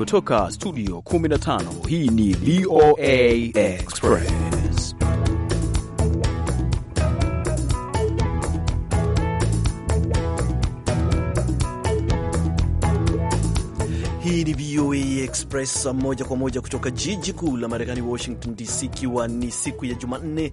Kutoka studio 15 hii ni VOA Express. Hii ni VOA Express moja kwa moja kutoka jiji kuu la Marekani, Washington DC, ikiwa ni siku ya Jumanne.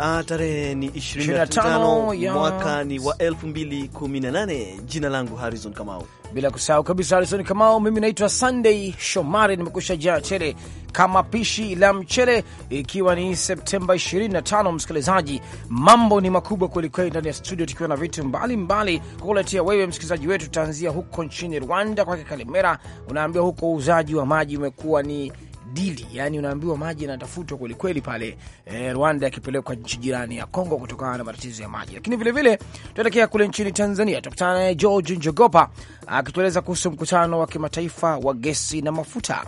Ah, tarehe ni 25 mwaka ni wa 2018. Jina langu Harrison Kamau bila kusahau kabisa Harison Kamao. Mimi naitwa Sunday Shomari, nimekusha jaa tele kama pishi la mchele, ikiwa ni Septemba 25. Msikilizaji, mambo ni makubwa kwelikweli ndani ya studio, tukiwa na vitu mbalimbali kukuletea wewe msikilizaji wetu. Tutaanzia huko nchini Rwanda, kwake Kalimera, unaambia huko uuzaji wa maji umekuwa ni dili, yani unaambiwa maji yanatafutwa kwelikweli pale e, Rwanda yakipelekwa nchi jirani ya Kongo kutokana na matatizo ya maji. Lakini vilevile tuelekea kule nchini Tanzania, tukutana naye George Njogopa akitueleza kuhusu mkutano wa kimataifa wa gesi na mafuta.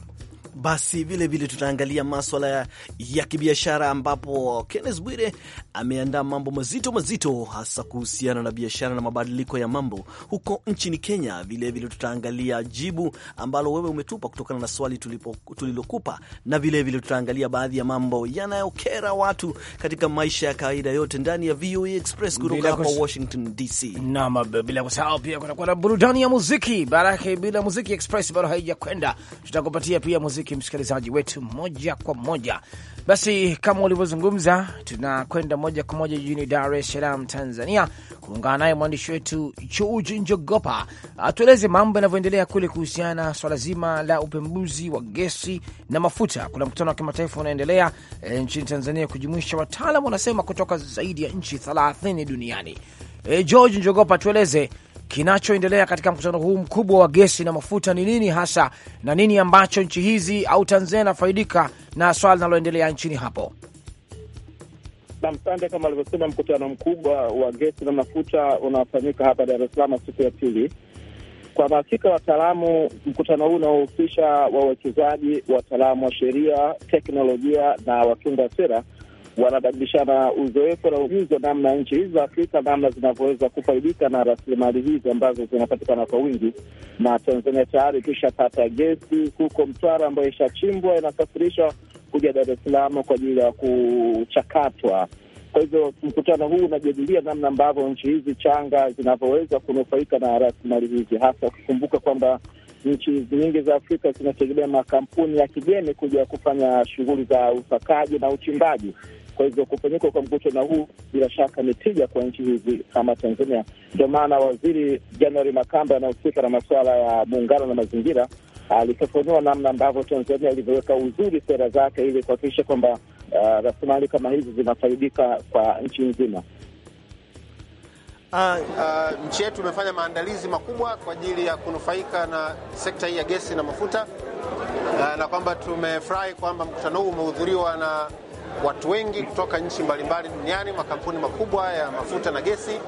Basi vile vile tutaangalia maswala ya kibiashara, ambapo Kenneth Bwire ameandaa mambo mazito mazito, hasa kuhusiana na biashara na mabadiliko ya mambo huko nchini Kenya. Vile vile tutaangalia jibu ambalo wewe umetupa kutokana na swali tulipo, tulilokupa na vile vile tutaangalia baadhi ya mambo yanayokera watu katika maisha ya kawaida, yote ndani ya VOA e Express kutoka hapa Washington DC. Naam, bila kusahau pia kutakuwa na burudani ya muziki baraka. Bila muziki Express bado haijakwenda, tutakupatia pia muziki muziki, msikilizaji wetu moja kwa moja. Basi kama ulivyozungumza, tunakwenda moja kwa moja jijini Dar es Salaam, Tanzania, kuungana naye mwandishi wetu George Njogopa atueleze mambo yanavyoendelea kule kuhusiana na swala zima la upembuzi wa gesi na mafuta. Kuna mkutano wa kimataifa unaendelea e, nchini Tanzania kujumuisha wataalam wanasema kutoka zaidi ya nchi thelathini duniani. E, George Njogopa, tueleze kinachoendelea katika mkutano huu mkubwa wa gesi na mafuta ni nini hasa, na nini ambacho nchi hizi au Tanzania inafaidika na swala linaloendelea nchini hapo? Namsande, kama alivyosema, mkutano mkubwa wa gesi na mafuta unafanyika hapa Dar es Salaam siku ya pili. Kwa mahakika wataalamu, mkutano huu unaohusisha wawekezaji, wataalamu wa sheria, teknolojia na watunga sera wanabadilishana uzoefu na ujuzi wa namna nchi hizi za Afrika namna zinavyoweza kufaidika na rasilimali hizi ambazo zinapatikana kwa wingi. Na Tanzania tayari tushapata gesi huko Mtwara ambayo ishachimbwa inasafirishwa kuja Dar es Salaam kwa ajili ya kuchakatwa. Kwa hivyo mkutano huu unajadilia namna ambavyo nchi hizi changa zinavyoweza kunufaika na rasilimali hizi, hasa ukikumbuka kwamba nchi nyingi za Afrika zinategemea makampuni ya kigeni kuja kufanya shughuli za usakaji na uchimbaji. Kwa hivyo kufanyika kwa mkutano huu bila shaka ni tija kwa nchi hizi kama Tanzania. Ndio maana Waziri January Makamba anahusika na masuala ya muungano na mazingira alifafanua namna ambavyo Tanzania ilivyoweka uzuri sera zake ili kuhakikisha kwamba uh, rasilimali kama hizi zinafaidika kwa nchi nzima. Uh, uh, nchi yetu imefanya maandalizi makubwa kwa ajili ya kunufaika na sekta hii ya gesi na mafuta uh, na kwamba tumefurahi kwamba mkutano huu umehudhuriwa na watu wengi kutoka nchi mbalimbali duniani, makampuni makubwa ya mafuta na gesi,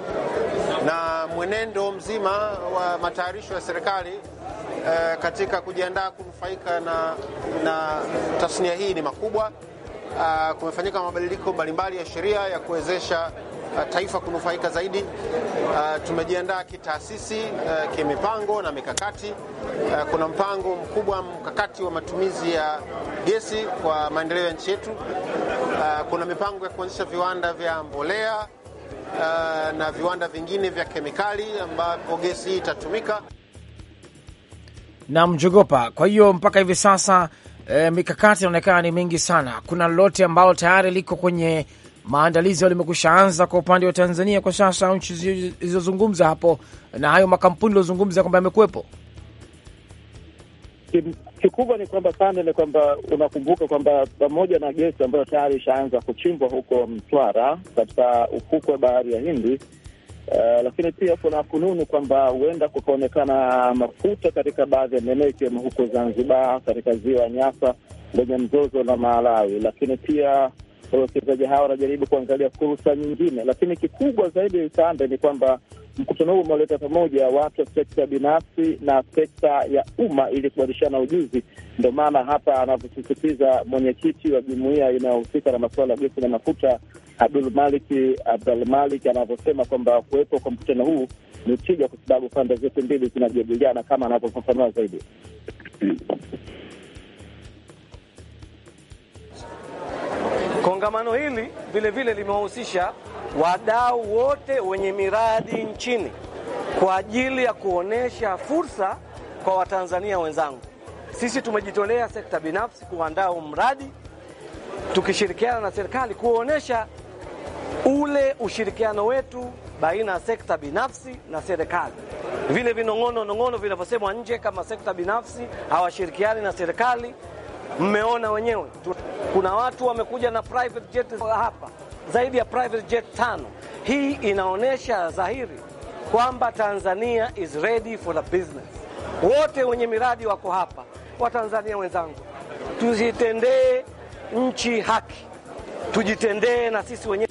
na mwenendo mzima wa matayarisho ya serikali eh, katika kujiandaa kunufaika na, na tasnia hii ni makubwa. Uh, kumefanyika mabadiliko mbalimbali ya sheria ya kuwezesha uh, taifa kunufaika zaidi. Uh, tumejiandaa kitaasisi, uh, kimipango na mikakati. Uh, kuna mpango mkubwa mkakati wa matumizi ya gesi kwa maendeleo ya nchi yetu. Uh, kuna mipango ya kuanzisha viwanda vya mbolea uh, na viwanda vingine vya kemikali ambapo gesi hii itatumika na mjogopa. Kwa hiyo mpaka hivi sasa e, mikakati inaonekana ni mingi sana. Kuna lolote ambalo tayari liko kwenye maandalizi limekusha anza kwa upande wa Tanzania kwa sasa, nchi zilizozungumza hapo na hayo makampuni iliyozungumza kwamba yamekuwepo Kikubwa ni kwamba sana ni kwamba unakumbuka kwamba pamoja na gesi ambayo tayari ishaanza kuchimbwa huko Mtwara katika ufukwe wa bahari ya Hindi, uh, lakini pia kuna fununu kwamba huenda kukaonekana mafuta katika baadhi ya maeneo ikiwemo huko Zanzibar katika ziwa Nyasa lenye mzozo na Malawi, lakini pia wawekezaji hawa wanajaribu kuangalia fursa nyingine, lakini kikubwa zaidi sande ni kwamba Mkutano huu umeleta pamoja watu wa sekta binafsi na sekta ya umma ili kubadilishana ujuzi. Ndio maana hapa anavyosisitiza mwenyekiti wa jumuiya inayohusika na masuala ya gesi na mafuta Abdul Malik Abdul Malik anavyosema kwamba kuwepo kwa mkutano huu ni tija, kwa sababu pande zote mbili zinajadiliana, kama anavyofafanua zaidi. Kongamano hili vilevile limewahusisha wadau wote wenye miradi nchini kwa ajili ya kuonesha fursa kwa Watanzania wenzangu. Sisi tumejitolea sekta binafsi kuandaa mradi tukishirikiana na serikali kuonesha ule ushirikiano wetu baina ya sekta binafsi na serikali, vile vinong'ono nong'ono vinavyosemwa nje kama sekta binafsi hawashirikiani na serikali. Mmeona wenyewe, kuna watu wamekuja na private jet hapa zaidi ya private jet tano. Hii inaonyesha dhahiri kwamba Tanzania is ready for the business. Wote wenye miradi wako hapa, Watanzania wenzangu, tuzitendee nchi haki, tujitendee na sisi wenyewe.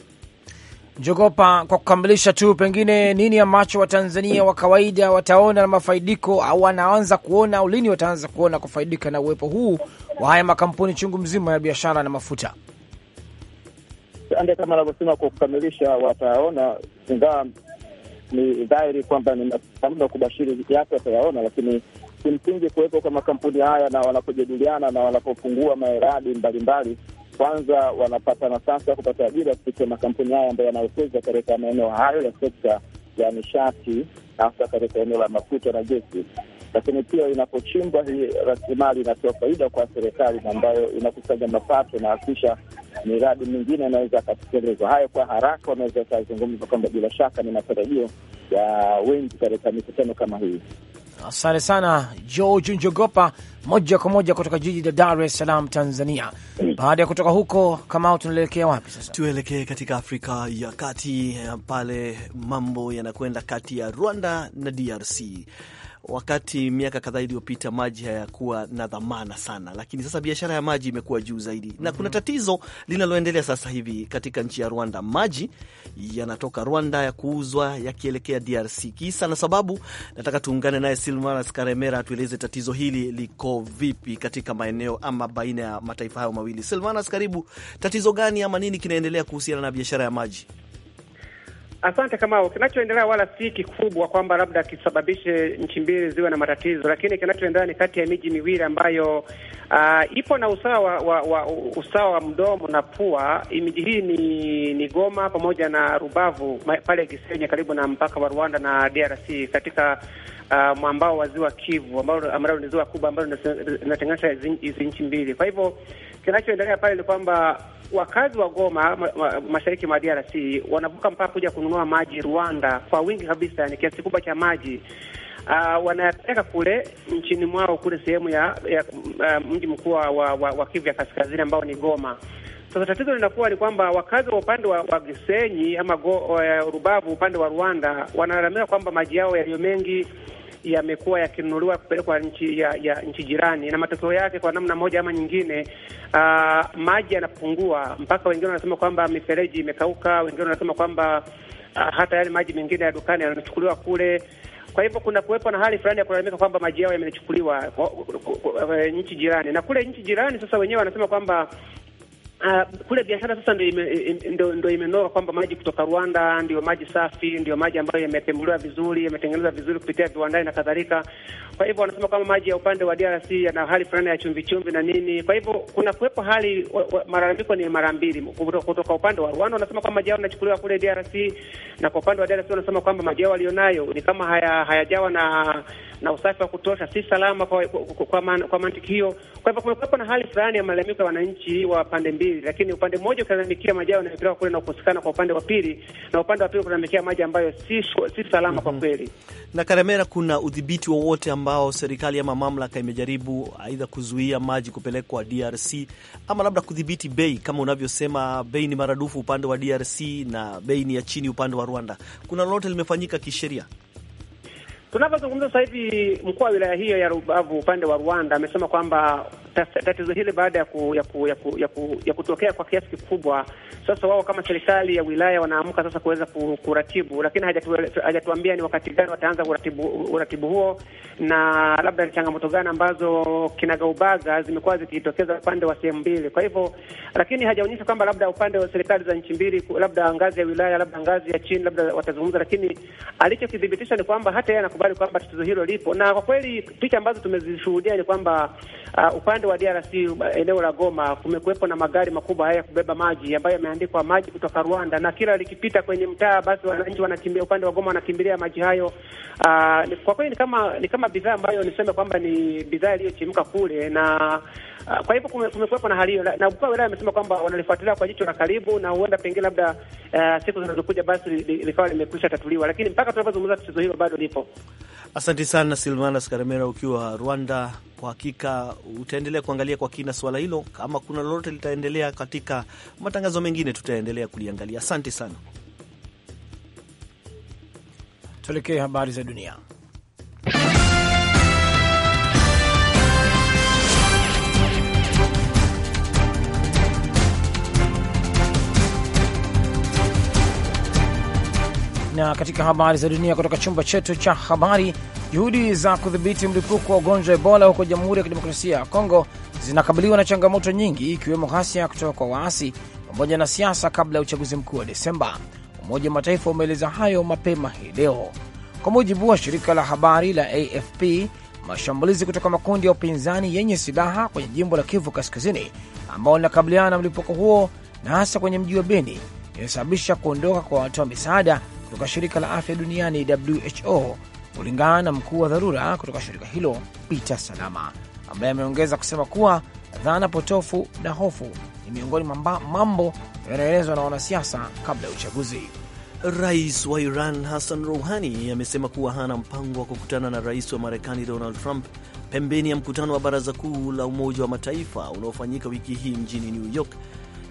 Jogopa, kwa kukamilisha tu, pengine nini ambacho watanzania wa kawaida wataona na mafaidiko au wanaanza kuona au lini wataanza kuona kufaidika na uwepo huu wa haya makampuni chungu mzima ya biashara na mafuta? Anda kama anavyosema kwa kukamilisha, wataona ingawa ni dhahiri kwamba ni kubashiri yake watayaona, lakini kimsingi kuwepo kwa makampuni haya na wanapojadiliana na wanapofungua miradi mbalimbali, kwanza wanapata nafasi ya kupata ajira kupitia makampuni haya ambayo yanawekeza katika maeneo hayo ya sekta ya nishati, hasa katika eneo la mafuta na gesi. Lakini pia inapochimbwa hii rasilimali inatoa faida kwa serikali ambayo inakusanya mapato na kisha miradi mingine anaweza akatekelezwa. Hayo kwa haraka wanaweza akazungumza kwamba bila shaka ni matarajio ya wengi katika mikutano kama hii. Asante sana George Njogopa, moja kwa moja kutoka jiji la Dar es Salaam, Tanzania. Mm. Baada ya kutoka huko, Kamau, tunaelekea wapi sasa? Tuelekee katika Afrika ya Kati, eh, pale mambo yanakwenda kati ya Rwanda na DRC wakati miaka kadhaa iliyopita maji hayakuwa na dhamana sana, lakini sasa biashara ya maji imekuwa juu zaidi mm -hmm. Na kuna mhm. tatizo linaloendelea sasa hivi katika nchi ya Rwanda, maji yanatoka Rwanda ya kuuzwa yakielekea DRC. Kisa na sababu, nataka tuungane naye Silvanas Karemera atueleze tatizo hili liko vipi katika maeneo ama baina ya mataifa hayo mawili. Silvanas, karibu. Tatizo gani ama nini kinaendelea kuhusiana na biashara ya maji? Asante Kamau. Kinachoendelea wala si kikubwa kwamba labda kisababishe nchi mbili ziwe na matatizo, lakini kinachoendelea ni kati ya miji miwili ambayo uh, ipo na usawa wa, wa usawa wa mdomo na pua. Miji hii ni, ni Goma pamoja na Rubavu pale Gisenyi karibu na mpaka wa Rwanda na DRC katika uh, mwambao wa ziwa Kivu ambalo ni ziwa kubwa ambalo linatenganisha hizi nchi mbili, kwa hivyo kinachoendelea pale ni kwamba wakazi wa Goma ma, ma, mashariki mwa DRC wanavuka mpaka kuja kununua maji Rwanda kwa wingi kabisa, ni kiasi kikubwa cha maji uh, wanayapeleka kule nchini mwao kule sehemu ya, ya uh, mji mkuu wa, wa, wa Kivu ya kaskazini ambao ni Goma. Sasa tatizo linakuwa ni kwamba wakazi wa upande wa, wa Gisenyi ama go, uh, Rubavu upande wa Rwanda wanalalamika kwamba maji yao yaliyo mengi yamekuwa yakinunuliwa kupelekwa nchi ya, ya nchi jirani, na matokeo yake kwa namna moja ama nyingine, uh, maji yanapungua mpaka wengine wanasema kwamba mifereji imekauka, wengine wanasema kwamba uh, hata yale maji mengine ya dukani yanachukuliwa kule kwa hivyo kuna kuwepo na hali fulani ya kulalamika kwamba maji yao yamechukuliwa nchi jirani, na kule nchi jirani sasa wenyewe wanasema kwamba Uh, kule biashara sasa ndo ime, imenoka kwamba maji kutoka Rwanda ndiyo maji safi, ndiyo maji ambayo yamepembuliwa vizuri, yametengenezwa vizuri kupitia viwandani na kadhalika. Kwa hivyo wanasema kama maji ya upande wa DRC yana hali fulani ya chumvi chumvi na nini, kwa hivyo kuna kuwepo hali, malalamiko ni mara mbili kutoka upande wa Rwanda, wanasema kwamba maji yao yanachukuliwa kule DRC, na kwa upande wa DRC wanasema kwamba maji yao walionayo ni kama haya hayajawa na na usafi wa kutosha, si salama kwa kwa, kwa, mantiki hiyo. Kwa hivyo kumekuwa na hali fulani ya malalamiko ya wananchi wa pande mbili, lakini upande mmoja ukilalamikia maji yao yanapelekwa kule na kukosekana kwa upande wa pili, na upande wa pili ukilalamikia maji ambayo si si salama mm -hmm. kwa mhm. kweli. Na Karemera, kuna udhibiti wowote ambao ambao serikali ama mamlaka imejaribu aidha kuzuia maji kupelekwa DRC ama labda kudhibiti bei, kama unavyosema, bei ni maradufu upande wa DRC na bei ni ya chini upande wa Rwanda. Kuna lolote limefanyika kisheria? Tunavyozungumza sasa hivi, mkuu wa wilaya hiyo ya Rubavu upande wa Rwanda amesema kwamba tatizo hili baada ya, ku, ya, ku, ya, ku, ya, ku, ya kutokea kwa kiasi kikubwa. Sasa wao kama serikali ya wilaya wanaamka sasa kuweza kuratibu, lakini hajatuambia ni wakati gani wataanza uratibu, uratibu huo na labda ni changamoto gani ambazo kinagaubaga zimekuwa zikitokeza upande wa sehemu mbili. Kwa hivyo, lakini hajaonyesha kwamba labda upande wa serikali za nchi mbili, labda ngazi ya wilaya, labda ngazi ya chini, labda watazungumza, lakini alichokithibitisha ni kwamba hata yeye anakubali kwamba tatizo hilo lipo, na kwa kweli picha ambazo tumezishuhudia ni kwamba uh, upande upande wa DRC eneo la Goma kumekuwepo na magari makubwa haya ya kubeba maji ambayo yameandikwa maji kutoka Rwanda, na kila likipita kwenye mtaa, basi wananchi wanakimbia upande wa Goma, wanakimbilia maji hayo. Uh, kwa kweli ni kama ni kama bidhaa ambayo niseme kwamba ni bidhaa iliyochimka kule na Ah, kwa hivyo kumekuwepo na hali hiyo, na mkuu wa wilaya amesema kwamba wanalifuatilia kwa jicho la karibu, na huenda pengine labda uh, siku zinazokuja basi likawa limekwisha tatuliwa, lakini mpaka tunapozungumza tatizo hilo bado lipo. Asante sana silvanas Scaramera ukiwa Rwanda. Kwa hakika utaendelea kuangalia kwa kina swala hilo, kama kuna lolote litaendelea katika matangazo mengine, tutaendelea kuliangalia. Asante sana, tuelekee habari za dunia. Na katika habari za dunia kutoka chumba chetu cha habari, juhudi za kudhibiti mlipuko wa ugonjwa Ebola huko Jamhuri ya Kidemokrasia ya Kongo zinakabiliwa na changamoto nyingi, ikiwemo ghasia kutoka kwa waasi pamoja na siasa kabla ya uchaguzi mkuu wa Desemba. Umoja wa Mataifa umeeleza hayo mapema hii leo. Kwa mujibu wa shirika la habari la AFP, mashambulizi kutoka makundi ya upinzani yenye silaha kwenye jimbo la Kivu Kaskazini ambao linakabiliana na mlipuko huo na hasa kwenye mji wa Beni yamesababisha kuondoka kwa watoa misaada kutoka shirika la afya duniani WHO, kulingana na mkuu wa dharura kutoka shirika hilo Peter Salama, ambaye ameongeza kusema kuwa dhana potofu na hofu ni miongoni mwa mambo yanayoelezwa na wanasiasa kabla ya uchaguzi. Rais wa Iran Hassan Rouhani amesema kuwa hana mpango wa kukutana na rais wa Marekani Donald Trump pembeni ya mkutano wa Baraza Kuu la Umoja wa Mataifa unaofanyika wiki hii mjini New York,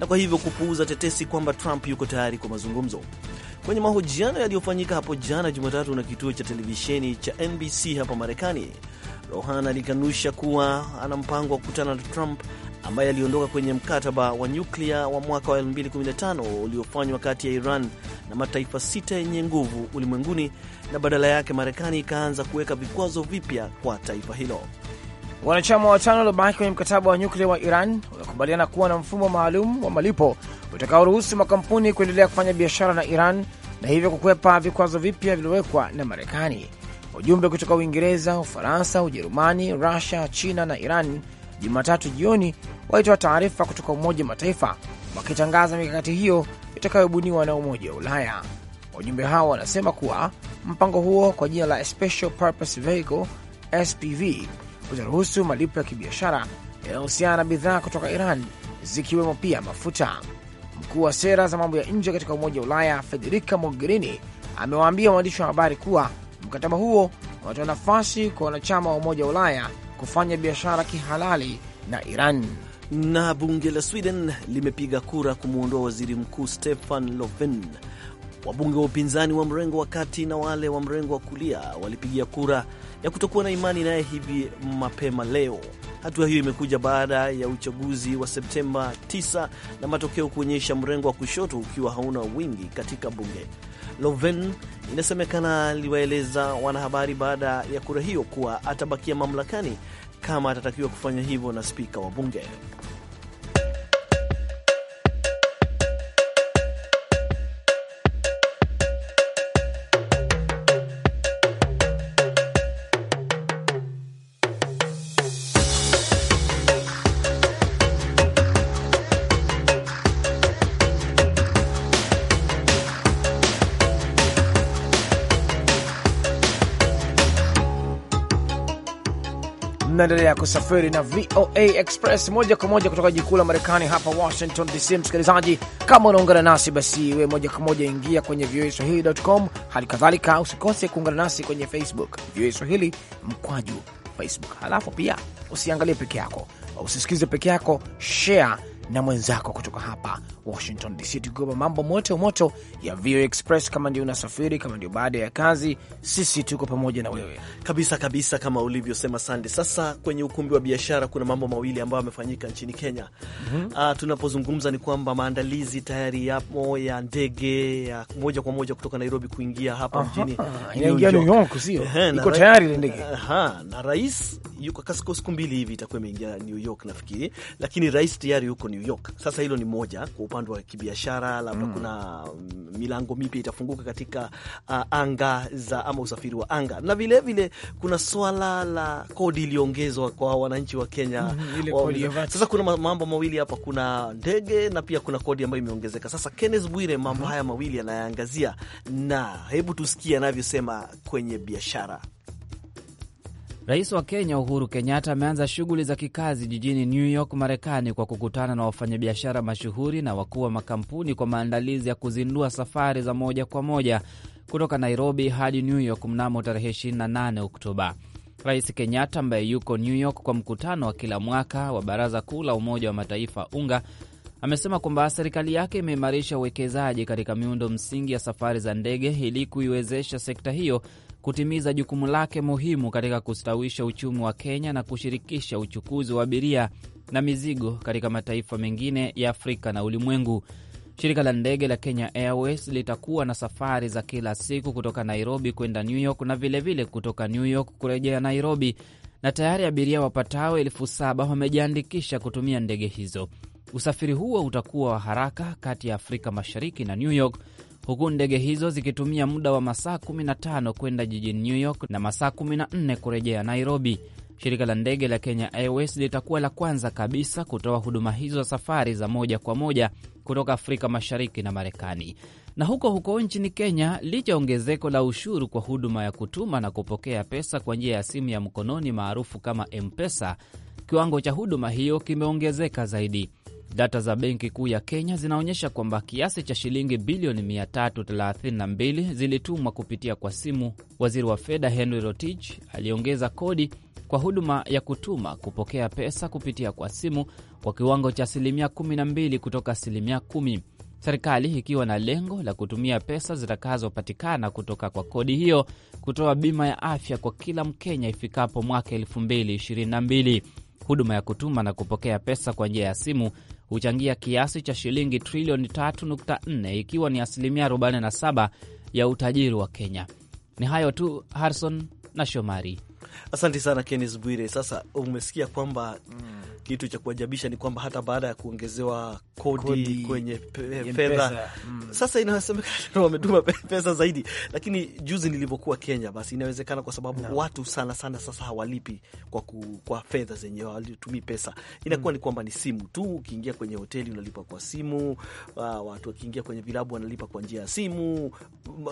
na kwa hivyo kupuuza tetesi kwamba Trump yuko tayari kwa mazungumzo. Kwenye mahojiano yaliyofanyika hapo jana Jumatatu na kituo cha televisheni cha NBC hapa Marekani, Rohan alikanusha kuwa ana mpango wa kukutana na Trump ambaye aliondoka kwenye mkataba wa nyuklia wa mwaka wa 2015 uliofanywa kati ya Iran na mataifa sita yenye nguvu ulimwenguni, na badala yake Marekani ikaanza kuweka vikwazo vipya kwa taifa hilo. Wanachama watano waliobaki kwenye mkataba wa nyuklia wa Iran wamekubaliana kuwa na mfumo maalum wa malipo utakaoruhusu makampuni kuendelea kufanya biashara na Iran na hivyo kukwepa vikwazo vipya vilivyowekwa na Marekani. Wajumbe kutoka Uingereza, Ufaransa, Ujerumani, Rusia, China na Iran Jumatatu jioni walitoa taarifa kutoka Umoja Mataifa wakitangaza mikakati hiyo itakayobuniwa na Umoja wa Ulaya. Wajumbe hao wanasema kuwa mpango huo kwa jina la Special Purpose Vehicle SPV utaruhusu malipo ya kibiashara yanayohusiana na bidhaa kutoka Iran zikiwemo pia mafuta. Mkuu wa sera za mambo ya nje katika Umoja wa Ulaya Federica Mogherini amewaambia waandishi wa habari kuwa mkataba huo unatoa nafasi kwa wanachama wa Umoja wa Ulaya kufanya biashara kihalali na Iran. Na bunge la Sweden limepiga kura kumwondoa waziri mkuu Stefan loven Wabunge wa upinzani wa mrengo wa kati na wale wa mrengo wa kulia walipigia kura ya kutokuwa na imani naye hivi mapema leo. Hatua hiyo imekuja baada ya uchaguzi wa Septemba 9 na matokeo kuonyesha mrengo wa kushoto ukiwa hauna wingi katika bunge. Loven inasemekana aliwaeleza wanahabari baada ya kura hiyo kuwa atabakia mamlakani kama atatakiwa kufanya hivyo na spika wa bunge. unaendelea kusafiri na VOA Express moja kwa moja kutoka jikuu la Marekani hapa Washington DC. Msikilizaji, kama unaungana nasi basi, we moja kwa moja ingia kwenye VOA Swahili.com. Hali kadhalika usikose kuungana nasi kwenye Facebook VOA Swahili mkwaju Facebook. Halafu pia usiangalie peke yako, usisikize peke yako, share na mwenzako kutoka hapa Washington DC, tukigopa mambo moto moto ya VOA Express. Kama ndio unasafiri, kama ndio baada ya kazi, sisi tuko pamoja na wewe kabisa kabisa, kama ulivyosema Sande. Sasa kwenye ukumbi wa biashara kuna mambo mawili ambayo yamefanyika nchini Kenya. mm -hmm. Uh, tunapozungumza ni kwamba maandalizi tayari yapo ya ndege ya moja kwa moja kutoka Nairobi kuingia hapa mjini inaingia New York, sio iko tayari ndege. Aha, na rais yuko kasiko siku mbili hivi itakuwa imeingia New York nafikiri, lakini rais tayari yuko New New York. Sasa hilo ni moja kwa upande wa kibiashara, labda mm. kuna mm, milango mipya itafunguka katika uh, anga za ama usafiri wa anga, na vilevile vile, kuna swala la kodi iliyoongezwa kwa wananchi wa Kenya mm, wa, sasa kuna mambo mawili hapa, kuna ndege na pia kuna kodi ambayo imeongezeka. Sasa Kenneth Bwire mambo mm haya mawili anayaangazia, na hebu tusikie anavyosema kwenye biashara. Rais wa Kenya Uhuru Kenyatta ameanza shughuli za kikazi jijini New York, Marekani, kwa kukutana na wafanyabiashara mashuhuri na wakuu wa makampuni kwa maandalizi ya kuzindua safari za moja kwa moja kutoka Nairobi hadi New York mnamo tarehe 28 Oktoba. Rais Kenyatta ambaye yuko New York kwa mkutano wa kila mwaka wa Baraza Kuu la Umoja wa Mataifa UNGA amesema kwamba serikali yake imeimarisha uwekezaji katika miundo msingi ya safari za ndege ili kuiwezesha sekta hiyo kutimiza jukumu lake muhimu katika kustawisha uchumi wa Kenya na kushirikisha uchukuzi wa abiria na mizigo katika mataifa mengine ya Afrika na ulimwengu. Shirika la ndege la Kenya Airways litakuwa na safari za kila siku kutoka Nairobi kwenda New York na vilevile vile kutoka New York kurejea Nairobi, na tayari abiria wapatao elfu saba wamejiandikisha kutumia ndege hizo. Usafiri huo utakuwa wa haraka kati ya Afrika Mashariki na New York huku ndege hizo zikitumia muda wa masaa 15 kwenda jijini New York na masaa 14 kurejea Nairobi. Shirika la ndege la Kenya Airways litakuwa la kwanza kabisa kutoa huduma hizo, safari za moja kwa moja kutoka Afrika Mashariki na Marekani. Na huko huko nchini Kenya, licha ongezeko la ushuru kwa huduma ya kutuma na kupokea pesa kwa njia ya simu ya mkononi maarufu kama M-Pesa, kiwango cha huduma hiyo kimeongezeka zaidi. Data za Benki Kuu ya Kenya zinaonyesha kwamba kiasi cha shilingi bilioni 332 zilitumwa kupitia kwa simu. Waziri wa fedha Henry Rotich aliongeza kodi kwa huduma ya kutuma kupokea pesa kupitia kwa simu kwa kiwango cha asilimia 12 kutoka asilimia 10, serikali ikiwa na lengo la kutumia pesa zitakazopatikana kutoka kwa kodi hiyo kutoa bima ya afya kwa kila Mkenya ifikapo mwaka 2022. Huduma ya kutuma na kupokea pesa kwa njia ya simu huchangia kiasi cha shilingi trilioni 3.4 ikiwa ni asilimia 47 ya utajiri wa Kenya. Ni hayo tu, Harrison na Shomari. Asante sana Kennes Bwire. Sasa umesikia kwamba mm. Kitu cha kuajabisha ni kwamba hata baada ya kuongezewa kodi, kodi kwenye fedha mm. Sasa inasemekana wametuma pesa zaidi, lakini juzi nilivyokuwa Kenya, basi inawezekana kwa sababu no. watu sana sana sasa hawalipi kwa, ku, kwa fedha zenye walitumii pesa inakuwa mm. ni kwamba ni simu tu. Ukiingia kwenye hoteli unalipa kwa simu, ah, watu wakiingia kwenye vilabu wanalipa kwa njia ya simu,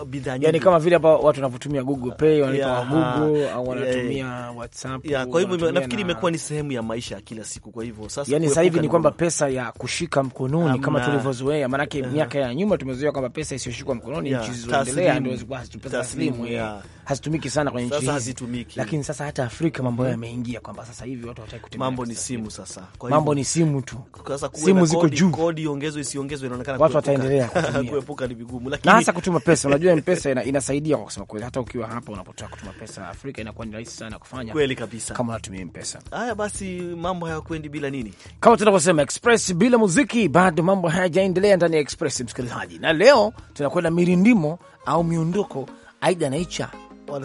bidhaa nyingi yani kama vile hapa watu wanavyotumia Google Pay wanalipa Google au wanatumia WhatsApp. Kwa hivyo nafikiri imekuwa ni sehemu ya maisha ya kila siku siku. Kwa hivyo sasa, yani sasa hivi ni kwamba pesa ya kushika mkononi Amna, kama tulivyozoea maanake, uh, eh. miaka ya nyuma tumezoea kwamba pesa isiyoshikwa mkononi, yeah. nchi zilizoendelea ndio zilikuwa hazitupesa taslimu eh. hazitumiki sana kwenye nchi hazitumiki, lakini sasa hata Afrika mambo hayo hmm. yameingia kwamba sasa hivi watu hawataki kutembea, mambo ni simu sasa. Kwa hivyo mambo ni simu tu, sasa simu ziko juu, kodi iongezwe isiongezwe, inaonekana watu wataendelea kuepuka, ni vigumu, lakini hasa kutuma pesa. Unajua mpesa inasaidia kwa kusema kweli, hata ukiwa hapa unapotaka kutuma pesa Afrika inakuwa ni rahisi sana kufanya, kweli kabisa, kama unatumia mpesa. Haya basi, mambo haya hakwendi bila nini, kama tunavyosema express bila muziki, bado mambo hayajaendelea ndani ya express, msikilizaji. Na leo tunakwenda mirindimo au miondoko, aidha naicha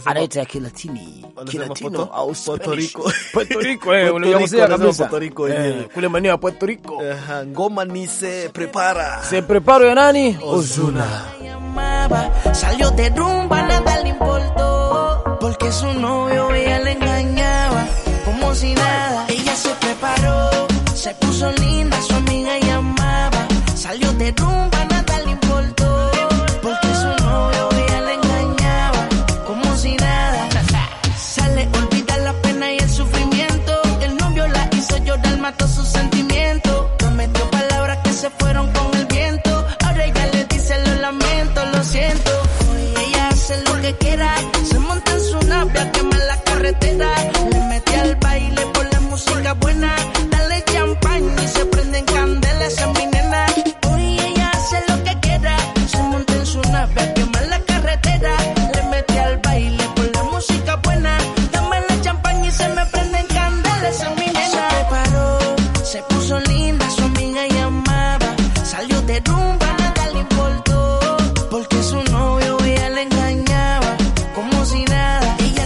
anaita ya Kilatini, Kilatino au eh, eh, kule maeneo ya Puerto Rico. Ngoma ni se prepara, se preparo ya nani? Ozuna salió se puso linda, su amiga llamaba. Salió de rumbo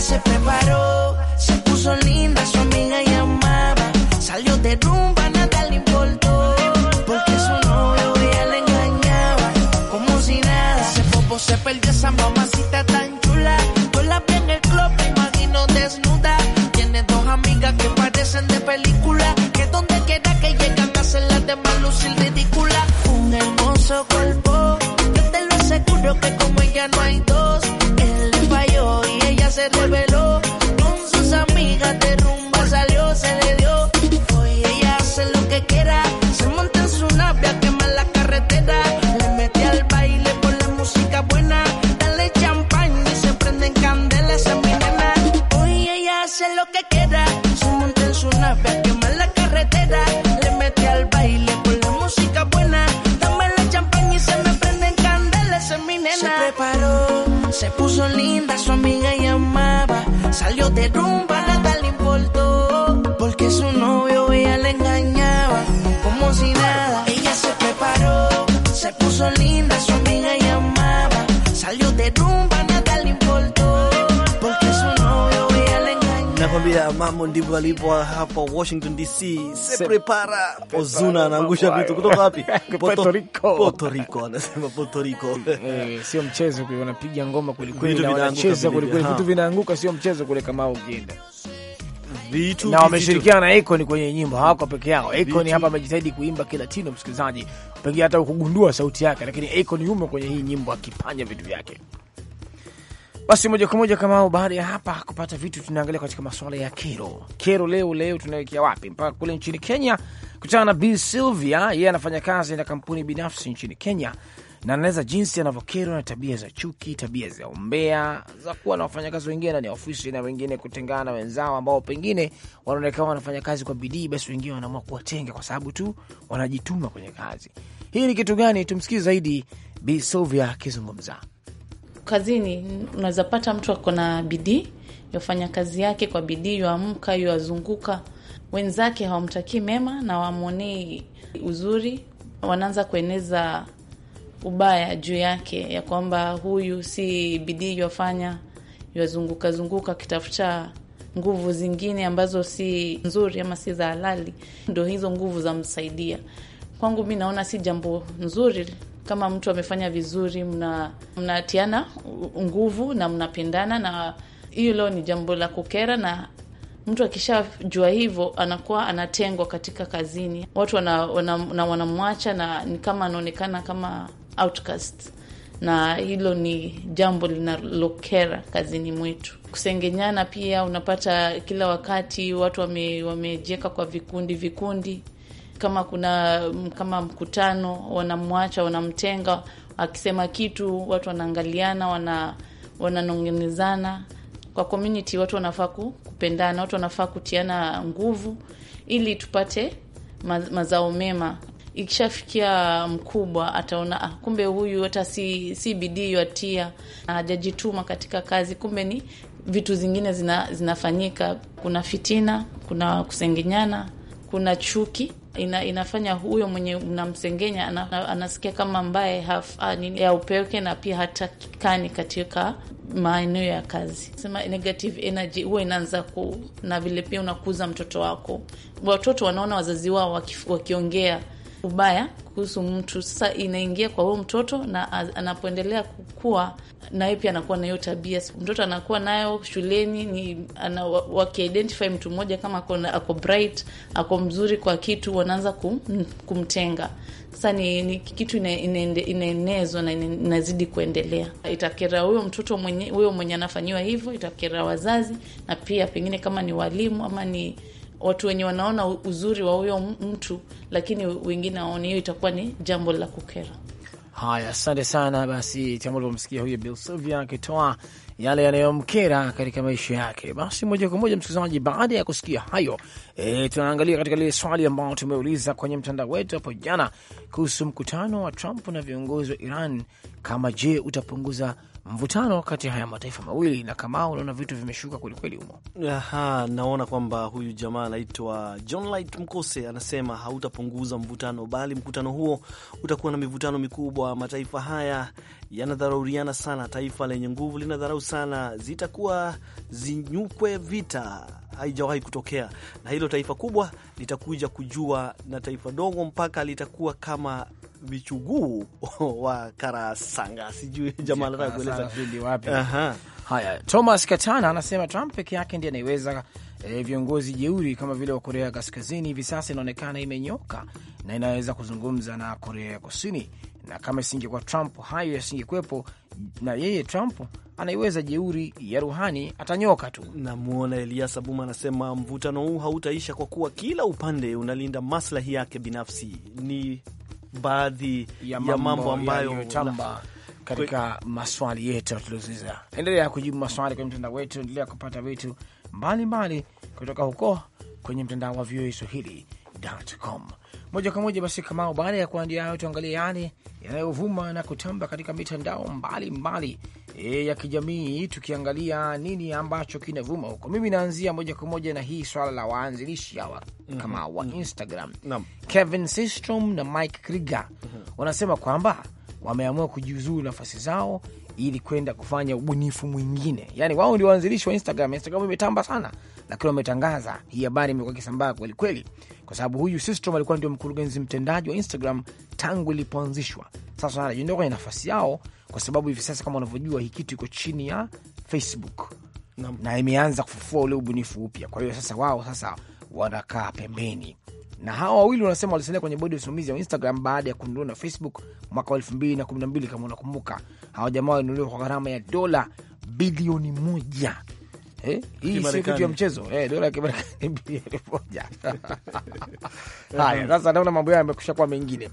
se preparó. se puso linda, su amiga amaba. salió de rumba, nada le importó, porque su novio ella le engañaba, como si nada, ella se preparó, se puso linda. Nakwambia mambo ndivyo alivyo hapa Washington DC. Se prepara. Ozuna anaangusha vitu kutoka wapi? Puerto Rico. Puerto Rico anasema Puerto Rico. Eh, sio mchezo kwa wanapiga ngoma kweli kweli na wanacheza kweli kweli. Vitu vinaanguka sio mchezo kule kama ukienda. Vitu na wameshirikiana na Akon kwenye nyimbo, hawako peke yao. Akon hapa amejitahidi kuimba Kilatino, msikilizaji. Pengine hata ukugundua sauti yake, lakini Akon yumo kwenye hii nyimbo akipanya vitu vyake. Basi moja kwa moja kama baada ya hapa kupata vitu, tunaangalia katika masuala ya kero. Kero leo leo tunaelekea wapi? Mpaka kule nchini Kenya, kutana na Bi Sylvia. Yeye anafanya kazi na kampuni binafsi nchini Kenya na anaeleza jinsi anavyokerwa na tabia za chuki, tabia za umbea, za kuwa na wafanyakazi wengine ndani ya ofisi na wengine kutengana na wenzao ambao pengine wanaonekana wanafanya kazi kwa bidii, basi wengine wanaamua kuwatenga kwa sababu tu wanajituma kwenye kazi. Hii ni kitu gani? Tumsikie zaidi Bi Sylvia akizungumza. Kazini unaweza pata mtu ako na bidii, yafanya kazi yake kwa bidii, yuamka yuwazunguka, wenzake hawamtakii mema na wamwonei uzuri, wanaanza kueneza ubaya juu yake, ya kwamba huyu si bidii yafanya, yuwazunguka zunguka akitafuta nguvu zingine ambazo si nzuri ama si za halali, ndo hizo nguvu zamsaidia. Kwangu mi naona si jambo nzuri kama mtu amefanya vizuri, mnatiana mna nguvu na mnapendana, na hiyo leo ni jambo la kukera na mtu akishajua hivyo anakuwa anatengwa katika kazini, watu wanamwacha na ni kama anaonekana kama outcast, na hilo ni jambo linalokera kazini mwetu. Kusengenyana pia unapata kila wakati watu wame, kwa vikundi vikundi kama kuna mm, kama mkutano, wanamwacha wanamtenga, akisema kitu watu wanaangaliana, wana wananongenezana. Kwa community watu wanafaa kupendana, watu wanafaa kutiana nguvu ili tupate mazao mema. Ikishafikia mkubwa ataona ah, kumbe huyu hata si, si bidii yatia, hajajituma katika kazi, kumbe ni vitu zingine zina, zinafanyika. Kuna fitina, kuna kusengenyana, kuna chuki ina, inafanya huyo mwenye unamsengenya ana, anasikia kama ambaye ah, ya upeke na pia hatakikani katika maeneo ya kazi. Sema negative energy huwa inaanza ku na vile pia unakuza mtoto wako. Watoto wanaona wazazi wao wakiongea ubaya kuhusu mtu. Sasa inaingia kwa huyo mtoto, na anapoendelea kukua, naye pia anakuwa na hiyo tabia. Mtoto anakuwa nayo shuleni, ni ana, wakiidentify mtu mmoja kama ako, ako bright, ako mzuri kwa kitu, wanaanza kum, kumtenga. Sasa ni, ni kitu inaenezwa na inazidi kuendelea. Itakera huyo mtoto mwenye, huyo mwenye anafanyiwa hivyo, itakera wazazi na pia pengine kama ni walimu ama ni watu wenye wanaona uzuri wa huyo mtu, lakini wengine waoni hiyo, itakuwa ni jambo la kukera. Haya, asante sana. Basi kama ulivyomsikia huyo Sylvia akitoa yale yanayomkera katika maisha yake. Basi moja kwa moja, msikilizaji, baada ya kusikia hayo e, tunaangalia katika lile swali ambao tumeuliza kwenye mtandao wetu hapo jana kuhusu mkutano wa Trump na viongozi wa Iran, kama je, utapunguza mvutano kati ya haya mataifa mawili na kama unaona vitu vimeshuka kwelikweli humo. Aha, naona kwamba huyu jamaa anaitwa John Light Mkose anasema hautapunguza mvutano, bali mkutano huo utakuwa na mivutano mikubwa. Mataifa haya yanadharauriana sana, taifa lenye nguvu linadharau sana, zitakuwa zinyukwe vita haijawahi kutokea, na hilo taifa kubwa litakuja kujua na taifa dogo, mpaka litakuwa kama vichuguu wa Karasanga, sijui jamaa anataka kueleza Haya, Thomas Katana anasema Trump peke yake ndiye anaiweza e, viongozi jeuri kama vile wa Korea Kaskazini hivi sasa inaonekana imenyoka na inaweza kuzungumza na Korea ya Kusini, na kama isingekuwa Trump hayo yasingekuwepo, na yeye Trump anaiweza jeuri ya ruhani atanyoka tu. Namwona Elias Abuma anasema mvutano huu hautaisha kwa kuwa kila upande unalinda maslahi yake binafsi. Ni baadhi ya mambo, ya mambo ambayo tamba katika maswali yetu tuliuliza. Endelea kujibu maswali kwenye mtandao wetu, endelea kupata vitu mbalimbali kutoka huko kwenye mtandao wa VOA Swahili.com moja kwa moja. Basi Kamao, baada ya kuandia hayo, tuangalie yale yanayovuma na kutamba katika mitandao mbalimbali e, ya kijamii, tukiangalia nini ambacho kinavuma huko. Mimi naanzia moja kwa moja na hii swala la waanzilishi hawa mm -hmm. kama wa mhm. Instagram mm -hmm. Kevin Systrom na Mike Krieger mm -hmm. wanasema kwamba wameamua kujiuzuru nafasi zao ili kwenda kufanya ubunifu mwingine. Yani wao ndio waanzilishi wa Instagram. Instagram imetamba sana, lakini wametangaza hii habari. Imekuwa ikisambaa kweli kweli, kwa sababu huyu Systrom alikuwa ndio mkurugenzi mtendaji wa Instagram tangu ilipoanzishwa. Sasa anajiondoa kwenye nafasi yao, kwa sababu hivi sasa, kama unavyojua, hii kitu iko chini ya Facebook na, na imeanza kufufua ule ubunifu upya. Kwa hiyo sasa wao sasa wanakaa pembeni na hawa wawili wanasema walisalia kwenye bodi ya usimamizi wa Instagram baada ya kununuliwa na Facebook mwaka wa elfu mbili na kumi na mbili kama unakumbuka. Hawa jamaa walinunuliwa kwa gharama ya dola bilioni moja Eh, hii si kitu ya mchezo eh, dola ya Kimarekani bilioni moja. Haya, eh. sasa naona mambo yao yamekusha kuwa mengine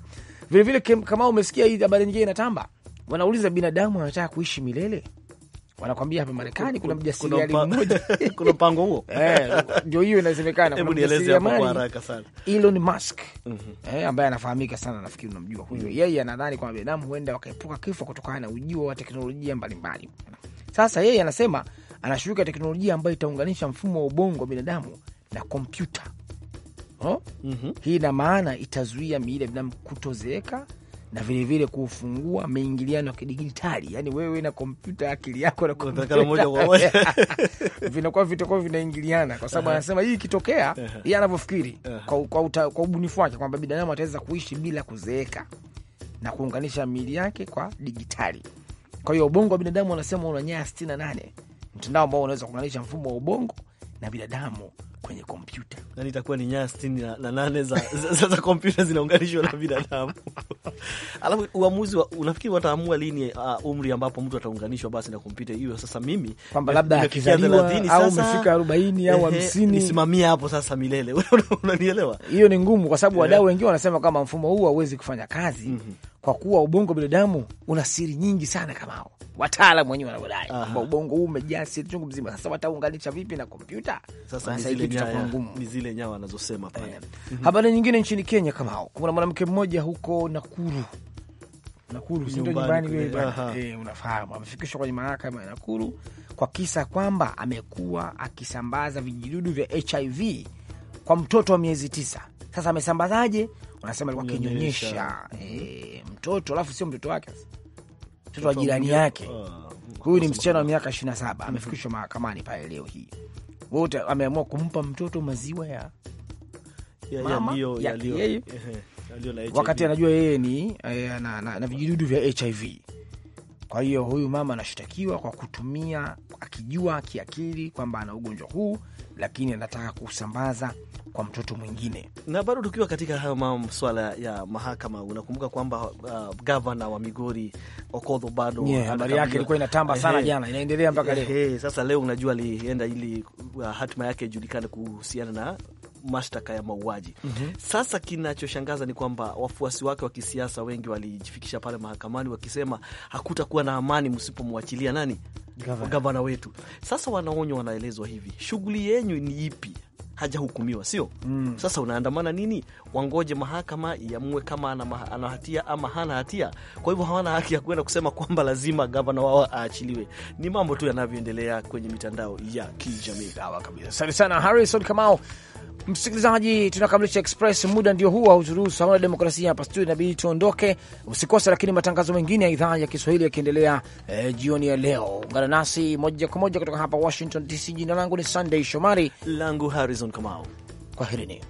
vilevile. Kama umesikia hii habari nyingine inatamba, wanauliza binadamu wanataka kuishi milele? Wanakwambia hapa Marekani kuna mjasiriamali mmoja, kuna mpango huo eh, ndio hiyo inasemekana. Hebu nieleze hapo kwa haraka sana. Elon Musk mm -hmm. eh, ambaye anafahamika sana, nafikiri unamjua huyo -hmm. yeye anadhani kwamba binadamu huenda wakaepuka kifo kutokana na ujio wa teknolojia mbalimbali. Sasa yeye anasema anashiriki anashughulika teknolojia ambayo itaunganisha mfumo wa ubongo wa binadamu na kompyuta oh? mm -hmm. Hii ina maana itazuia miili ya binadamu kutozeeka na vilevile kuufungua maingiliano ya kidigitali, yani wewe na kompyuta, akili yako na kompyuta vinakuwa vitakuwa vinaingiliana, kwa sababu anasema hii ikitokea, yeye anavyofikiri kwa ubunifu wake kwamba binadamu ataweza kuishi bila kuzeeka na kuunganisha miili yake kwa digitali. Kwa hiyo ubongo wa binadamu wanasema una nyaya nane mtandao ambao unaweza kuunganisha mfumo wa ubongo na binadamu kwenye kompyuta, yani itakuwa ni nyaya sitini na nane za, za, za, za kompyuta zinaunganishwa na binadamu alafu uamuzi wa, unafikiri wataamua lini uh, umri ambapo mtu ataunganishwa basi na kompyuta hiyo? Sasa mimi kwamba labda akizaliwa au umefika arobaini au hamsini nisimamia hapo sasa milele unanielewa? Hiyo ni ngumu, kwa sababu eh. wadau wengine wanasema kama mfumo huu hauwezi kufanya kazi mm -hmm kwa kuwa ubongo wa binadamu una siri nyingi sana, kama hao wataalamu wenyewe wanavyodai kwamba ubongo huu umejaa siri chungu mzima. Sasa wataunganisha vipi na kompyuta? Sasa ni zile nyaya wanazosema pale. Eh, mm -hmm. Habari nyingine nchini Kenya kama hao, kuna mwanamke mmoja huko Nakuru Nakuru sio nyumbani wewe, bwana eh, unafahamu amefikishwa kwenye mahakama ya Nakuru kwa kisa kwamba amekuwa akisambaza vijidudu vya HIV kwa mtoto wa miezi tisa. Sasa amesambazaje? Wanasema alikuwa akinyonyesha e, mtoto, alafu sio mtoto wake, mtoto wa jirani yake. Ah, Huyu ni msichana wa miaka ishirini na saba amefikishwa mahakamani pale leo hii, wote ameamua kumpa mtoto maziwa ya wakati anajua yeye ni eh, na vijidudu vya HIV. Kwa hiyo huyu mama anashtakiwa kwa kutumia akijua kiakili kwamba ana ugonjwa huu, lakini anataka kusambaza kwa mtoto mwingine. Na bado tukiwa katika hayo maswala ya mahakama, unakumbuka kwamba uh, gavana wa Migori Okodho bado yeah, habari yake ilikuwa inatamba sana jana inaendelea mpaka leo sasa leo unajua alienda ili uh, hatima yake ijulikane kuhusiana na mashtaka ya mauaji mm -hmm. Sasa kinachoshangaza ni kwamba wafuasi wake wa kisiasa wengi walijifikisha pale mahakamani wakisema hakutakuwa na amani msipomwachilia nani, gavana wetu. Sasa wanaonywa, wanaelezwa hivi, shughuli yenyu ni ipi? hajahukumiwa sio? Mm. Sasa unaandamana nini? Wangoje mahakama iamue kama ana, ana hatia ama hana hatia. Kwa hivyo hawana haki ya kuenda kusema kwamba lazima gavana wao aachiliwe. Ni mambo tu yanavyoendelea kwenye mitandao ya kijamii. Sawa kabisa, asante sana Harrison Kamau. Msikilizaji, tunakamilisha Express, muda ndio huo, hauturuhusu hauna demokrasia hapa studio, inabidi tuondoke. Usikose lakini matangazo mengine ya idhaa ya Kiswahili yakiendelea eh, jioni ya leo. Ungana nasi moja kwa moja kutoka hapa Washington DC. Jina langu ni Sunday Shomari, langu Harrison Kamau. Kwaherini.